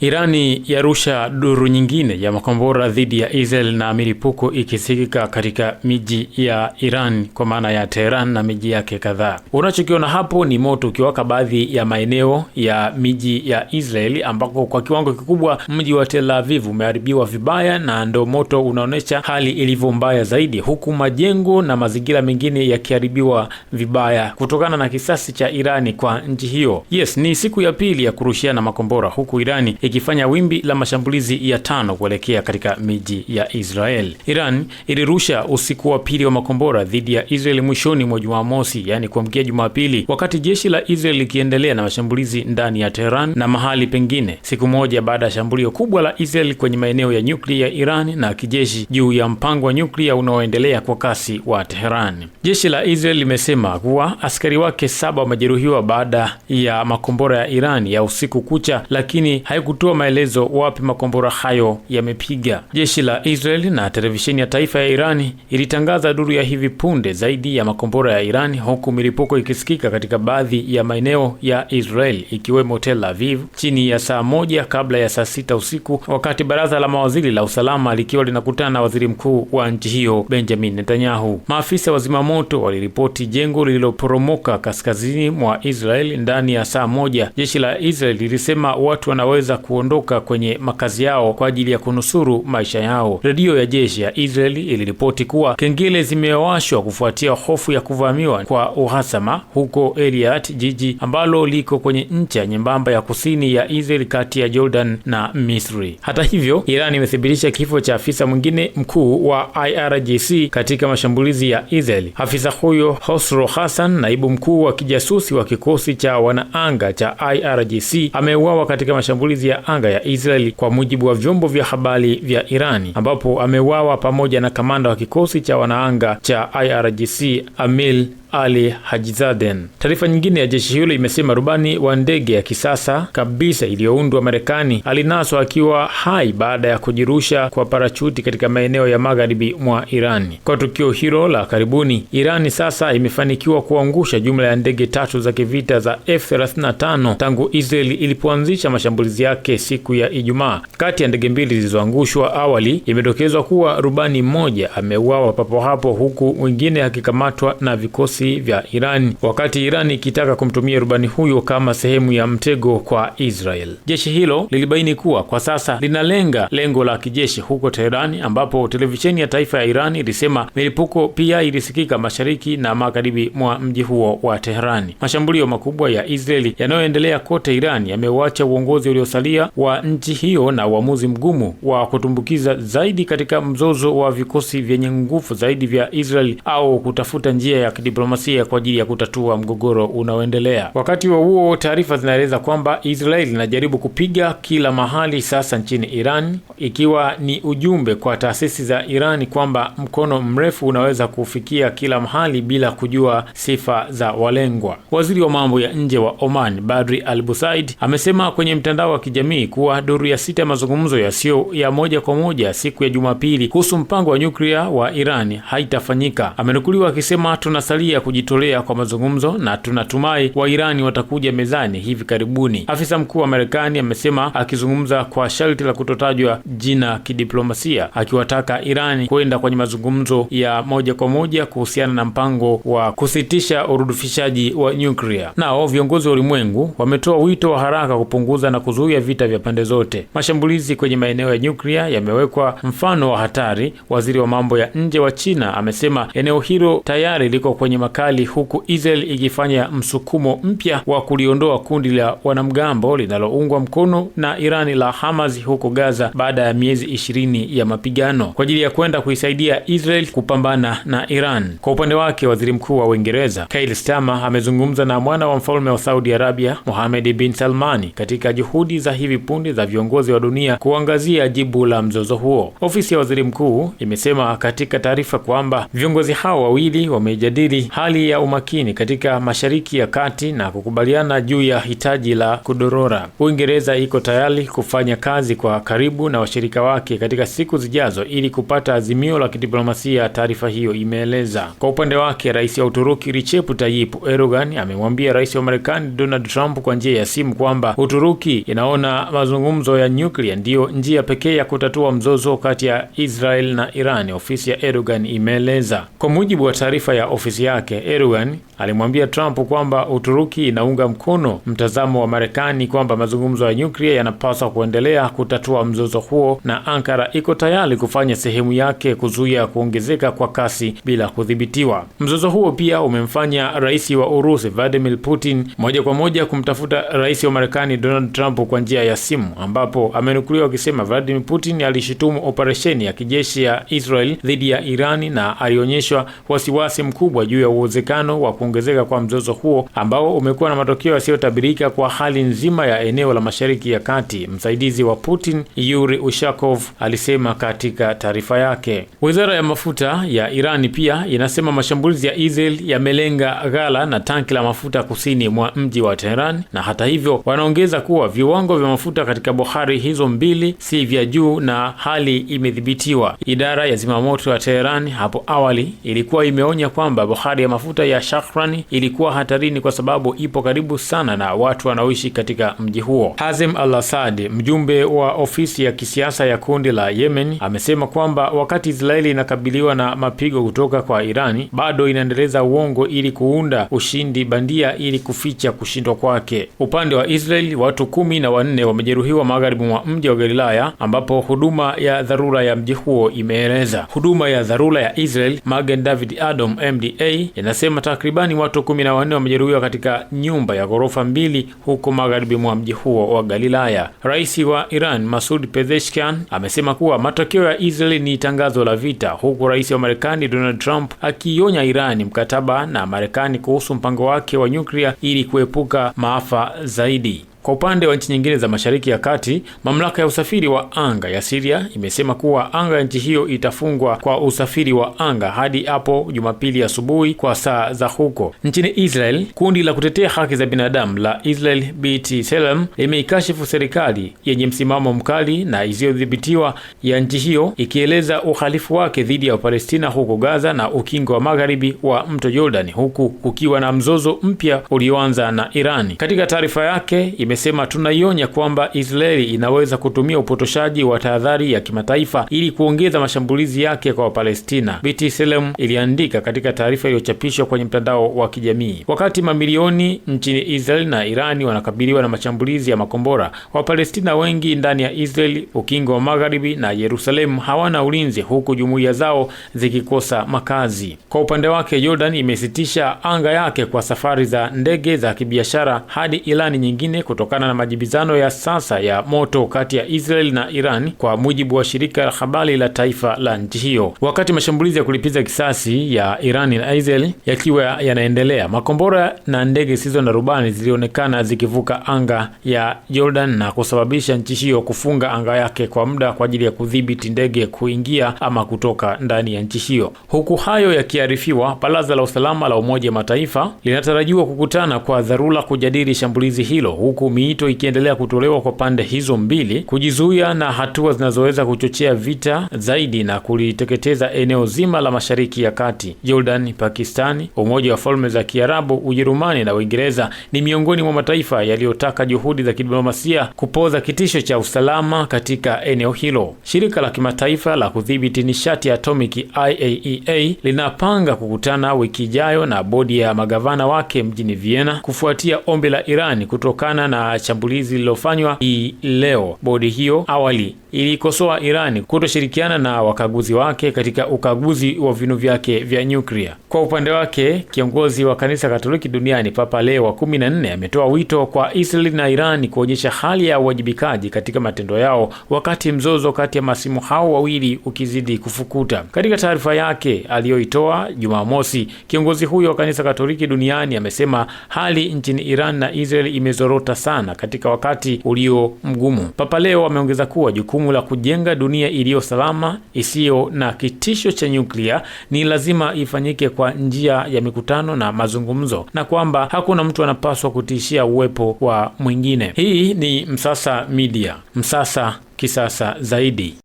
Irani yarusha duru nyingine ya makombora dhidi ya Israel na milipuko ikisikika katika miji ya Iran kwa maana ya Tehran na miji yake kadhaa. Unachokiona hapo ni moto ukiwaka baadhi ya maeneo ya miji ya Israel ambako kwa kiwango kikubwa mji wa Tel Aviv umeharibiwa vibaya na ndo moto unaonyesha hali ilivyo mbaya zaidi huku majengo na mazingira mengine yakiharibiwa vibaya kutokana na kisasi cha Irani kwa nchi hiyo. Yes, ni siku ya pili ya kurushiana makombora huku Irani ikifanya wimbi la mashambulizi ya tano kuelekea katika miji ya Israel. Iran ilirusha usiku wa pili wa makombora dhidi ya Israel mwishoni mwa Jumamosi, yaani kuamkia Jumapili, wakati jeshi la Israel likiendelea na mashambulizi ndani ya Tehran na mahali pengine, siku moja baada ya shambulio kubwa la Israel kwenye maeneo ya nyuklia ya Iran na kijeshi juu ya mpango wa nyuklia unaoendelea kwa kasi wa Tehran. Jeshi la Israel limesema kuwa askari wake saba wamejeruhiwa baada ya makombora ya Iran ya usiku kucha, lakini haiku kutoa maelezo wapi makombora hayo yamepiga. Jeshi la israel na televisheni ya taifa ya Irani ilitangaza duru ya hivi punde zaidi ya makombora ya Irani, huku milipuko ikisikika katika baadhi ya maeneo ya israel ikiwemo Tel Aviv chini ya saa moja kabla ya saa sita usiku, wakati baraza la mawaziri la usalama likiwa linakutana na waziri mkuu wa nchi hiyo Benjamin Netanyahu. Maafisa wa zimamoto waliripoti jengo lililoporomoka kaskazini mwa israel ndani ya saa moja. Jeshi la israel lilisema watu wanaweza kuondoka kwenye makazi yao kwa ajili ya kunusuru maisha yao. Redio ya jeshi ya Israeli iliripoti kuwa kengele zimewashwa kufuatia hofu ya kuvamiwa kwa uhasama huko Eliat, jiji ambalo liko kwenye ncha nyembamba ya kusini ya Israeli kati ya Jordan na Misri. Hata hivyo, Iran imethibitisha kifo cha afisa mwingine mkuu wa IRGC katika mashambulizi ya Israeli. Afisa huyo Hosro Hassan, naibu mkuu wa kijasusi wa kikosi cha wanaanga cha IRGC, ameuawa katika mashambulizi ya anga ya Israeli kwa mujibu wa vyombo vya habari vya Irani, ambapo ameuawa pamoja na kamanda wa kikosi cha wanaanga cha IRGC Amil ali Hajizaden. Taarifa nyingine ya jeshi hilo imesema rubani wa ndege ya kisasa kabisa iliyoundwa Marekani alinaswa akiwa hai baada ya kujirusha kwa parachuti katika maeneo ya magharibi mwa Irani. Kwa tukio hilo la karibuni, Irani sasa imefanikiwa kuangusha jumla ya ndege tatu za kivita za F35 tangu Israeli ilipoanzisha mashambulizi yake siku ya Ijumaa. Kati ya ndege mbili zilizoangushwa awali, imedokezwa kuwa rubani mmoja ameuawa papo hapo, huku mwingine akikamatwa na vikosi vikosi vya Iran wakati Iran ikitaka kumtumia rubani huyo kama sehemu ya mtego kwa Israel. Jeshi hilo lilibaini kuwa kwa sasa linalenga lengo la kijeshi huko Teherani, ambapo televisheni ya taifa ya Iran ilisema milipuko pia ilisikika mashariki na magharibi mwa mji huo wa Teherani. Mashambulio makubwa ya Israeli yanayoendelea kote Iran yamewacha uongozi uliosalia wa nchi hiyo na uamuzi mgumu wa kutumbukiza zaidi katika mzozo wa vikosi vyenye nguvu zaidi vya Israel au kutafuta njia ya kidiplomasia kidiplomasia kwa ajili ya kutatua mgogoro unaoendelea. Wakati huo huo, taarifa zinaeleza kwamba Israeli inajaribu kupiga kila mahali sasa nchini Iran, ikiwa ni ujumbe kwa taasisi za Iran kwamba mkono mrefu unaweza kufikia kila mahali bila kujua sifa za walengwa. Waziri wa mambo ya nje wa Oman Badri Al Busaid amesema kwenye mtandao wa kijamii kuwa duru ya sita ya mazungumzo yasiyo ya moja kwa moja siku ya Jumapili kuhusu mpango wa nyuklia wa Iran haitafanyika. Amenukuliwa akisema tunasalia ya kujitolea kwa mazungumzo na tunatumai Wairani watakuja mezani hivi karibuni. Afisa mkuu wa Marekani amesema akizungumza kwa sharti la kutotajwa jina kidiplomasia, akiwataka Irani kwenda kwenye mazungumzo ya moja kwa moja kuhusiana na mpango wa kusitisha urudufishaji wa nyuklia. Nao viongozi wa ulimwengu wametoa wito wa haraka kupunguza na kuzuia vita vya pande zote. Mashambulizi kwenye maeneo ya nyuklia yamewekwa mfano wa hatari. Waziri wa mambo ya nje wa China amesema eneo hilo tayari liko kwenye makali huku Israel ikifanya msukumo mpya wa kuliondoa kundi la wanamgambo linaloungwa mkono na Irani la Hamas huko Gaza baada ya miezi ishirini ya mapigano kwa ajili ya kwenda kuisaidia Israel kupambana na Iran. Kwa upande wake, waziri mkuu wa Uingereza Keir Starmer amezungumza na mwana wa mfalme wa Saudi Arabia Mohammed bin Salmani katika juhudi za hivi punde za viongozi wa dunia kuangazia jibu la mzozo huo. Ofisi ya waziri mkuu imesema katika taarifa kwamba viongozi hao wawili wamejadili hali ya umakini katika Mashariki ya Kati na kukubaliana juu ya hitaji la kudorora. Uingereza iko tayari kufanya kazi kwa karibu na washirika wake katika siku zijazo ili kupata azimio la kidiplomasia, taarifa hiyo imeeleza. Kwa upande wake, rais wa Uturuki Recep Tayyip Erdogan amemwambia rais wa Marekani Donald Trump kwa njia ya simu kwamba Uturuki inaona mazungumzo ya nyuklia ndiyo njia pekee ya kutatua mzozo kati ya Israel na Iran, ofisi ya Erdogan imeeleza. Kwa mujibu wa taarifa ya ofisi yake yake Erdogan alimwambia Trump kwamba Uturuki inaunga mkono mtazamo wa Marekani kwamba mazungumzo ya nyuklia yanapaswa kuendelea kutatua mzozo huo na Ankara iko tayari kufanya sehemu yake kuzuia kuongezeka kwa kasi bila kudhibitiwa. Mzozo huo pia umemfanya rais wa Urusi Vladimir Putin moja kwa moja kumtafuta rais wa Marekani Donald Trump kwa njia ya simu, ambapo amenukuliwa akisema Vladimir Putin alishutumu operesheni ya kijeshi ya Israel dhidi ya Irani na alionyeshwa wasiwasi mkubwa juu ya uwezekano wa kuongezeka kwa mzozo huo ambao umekuwa na matokeo yasiyotabirika kwa hali nzima ya eneo la Mashariki ya Kati, msaidizi wa Putin Yuri Ushakov alisema katika taarifa yake. Wizara ya mafuta ya Irani pia inasema mashambulizi ya Israel yamelenga ghala na tanki la mafuta kusini mwa mji wa Teheran, na hata hivyo wanaongeza kuwa viwango vya mafuta katika bohari hizo mbili si vya juu na hali imedhibitiwa. Idara ya zimamoto ya Teheran hapo awali ilikuwa imeonya kwamba bohari serikali ya mafuta ya Shahran ilikuwa hatarini kwa sababu ipo karibu sana na watu wanaoishi katika mji huo. Hazem al-Assad, mjumbe wa ofisi ya kisiasa ya kundi la Yemen, amesema kwamba wakati Israeli inakabiliwa na mapigo kutoka kwa Irani, bado inaendeleza uongo ili kuunda ushindi bandia ili kuficha kushindwa kwake. Upande wa Israeli, watu kumi na wanne wamejeruhiwa magharibi mwa mji wa Galilaya, ambapo huduma ya dharura ya mji huo imeeleza. Huduma ya dharura ya Israel, Magen David Adom MDA yanasema inasema takribani watu kumi na wanne wamejeruhiwa katika nyumba ya ghorofa mbili huko magharibi mwa mji huo wa Galilaya. Rais wa Iran masud Pezeshkian amesema kuwa matokeo ya Israeli ni tangazo la vita, huku rais wa Marekani Donald Trump akiionya Irani mkataba na Marekani kuhusu mpango wake wa nyuklia ili kuepuka maafa zaidi. Kwa upande wa nchi nyingine za Mashariki ya Kati, mamlaka ya usafiri wa anga ya siria imesema kuwa anga ya nchi hiyo itafungwa kwa usafiri wa anga hadi hapo Jumapili asubuhi kwa saa za huko. Nchini Israel, kundi la kutetea haki za binadamu la Israel B'Tselem Selem limeikashifu serikali yenye msimamo mkali na isiyodhibitiwa ya nchi hiyo, ikieleza uhalifu wake dhidi ya Wapalestina huko Gaza na ukingo wa magharibi wa mto Jordan, huku kukiwa na mzozo mpya ulioanza na Irani. Katika taarifa yake imesema tunaionya kwamba Israeli inaweza kutumia upotoshaji wa tahadhari ya kimataifa ili kuongeza mashambulizi yake kwa Wapalestina, B'Tselem iliandika katika taarifa iliyochapishwa kwenye mtandao wa kijamii. Wakati mamilioni nchini Israeli na Irani wanakabiliwa na mashambulizi ya makombora, Wapalestina wengi ndani ya Israeli, ukingo wa Magharibi na Yerusalemu hawana ulinzi, huku jumuiya zao zikikosa makazi. Kwa upande wake, Jordan imesitisha anga yake kwa safari za ndege za kibiashara hadi ilani nyingine kutu kutokana na majibizano ya sasa ya moto kati ya Israel na Iran, kwa mujibu wa shirika la habari la taifa la nchi hiyo. Wakati mashambulizi ya kulipiza kisasi ya Iran na Israel yakiwa yanaendelea, makombora na ndege zisizo na rubani zilionekana zikivuka anga ya Jordan na kusababisha nchi hiyo kufunga anga yake kwa muda kwa ajili ya kudhibiti ndege kuingia ama kutoka ndani ya nchi hiyo. Huku hayo yakiarifiwa, Baraza la Usalama la Umoja Mataifa linatarajiwa kukutana kwa dharura kujadili shambulizi hilo huku miito ikiendelea kutolewa kwa pande hizo mbili kujizuia na hatua zinazoweza kuchochea vita zaidi na kuliteketeza eneo zima la Mashariki ya Kati. Jordan, Pakistani, Umoja wa Falme za Kiarabu, Ujerumani na Uingereza ni miongoni mwa mataifa yaliyotaka juhudi za kidiplomasia kupoza kitisho cha usalama katika eneo hilo. Shirika la kimataifa la kudhibiti nishati atomic atomiki IAEA e linapanga kukutana wiki ijayo na bodi ya magavana wake mjini Vienna kufuatia ombi la iran kutokana na na shambulizi lililofanywa hii leo. Bodi hiyo awali ilikosoa Irani kutoshirikiana na wakaguzi wake katika ukaguzi wa vinu vyake vya nyuklia. Kwa upande wake, kiongozi wa kanisa Katoliki duniani Papa Leo wa kumi na nne ametoa wito kwa Israeli na Irani kuonyesha hali ya uwajibikaji katika matendo yao, wakati mzozo kati ya masimu hao wawili ukizidi kufukuta. Katika taarifa yake aliyoitoa Jumamosi, kiongozi huyo wa kanisa Katoliki duniani amesema hali nchini Iran na Israeli imezorota sana katika wakati ulio mgumu. Papa Leo ameongeza kuwa jukumu jukumu la kujenga dunia iliyo salama isiyo na kitisho cha nyuklia ni lazima ifanyike kwa njia ya mikutano na mazungumzo, na kwamba hakuna mtu anapaswa kutishia uwepo wa mwingine. Hii ni Msasa Media, Msasa kisasa zaidi.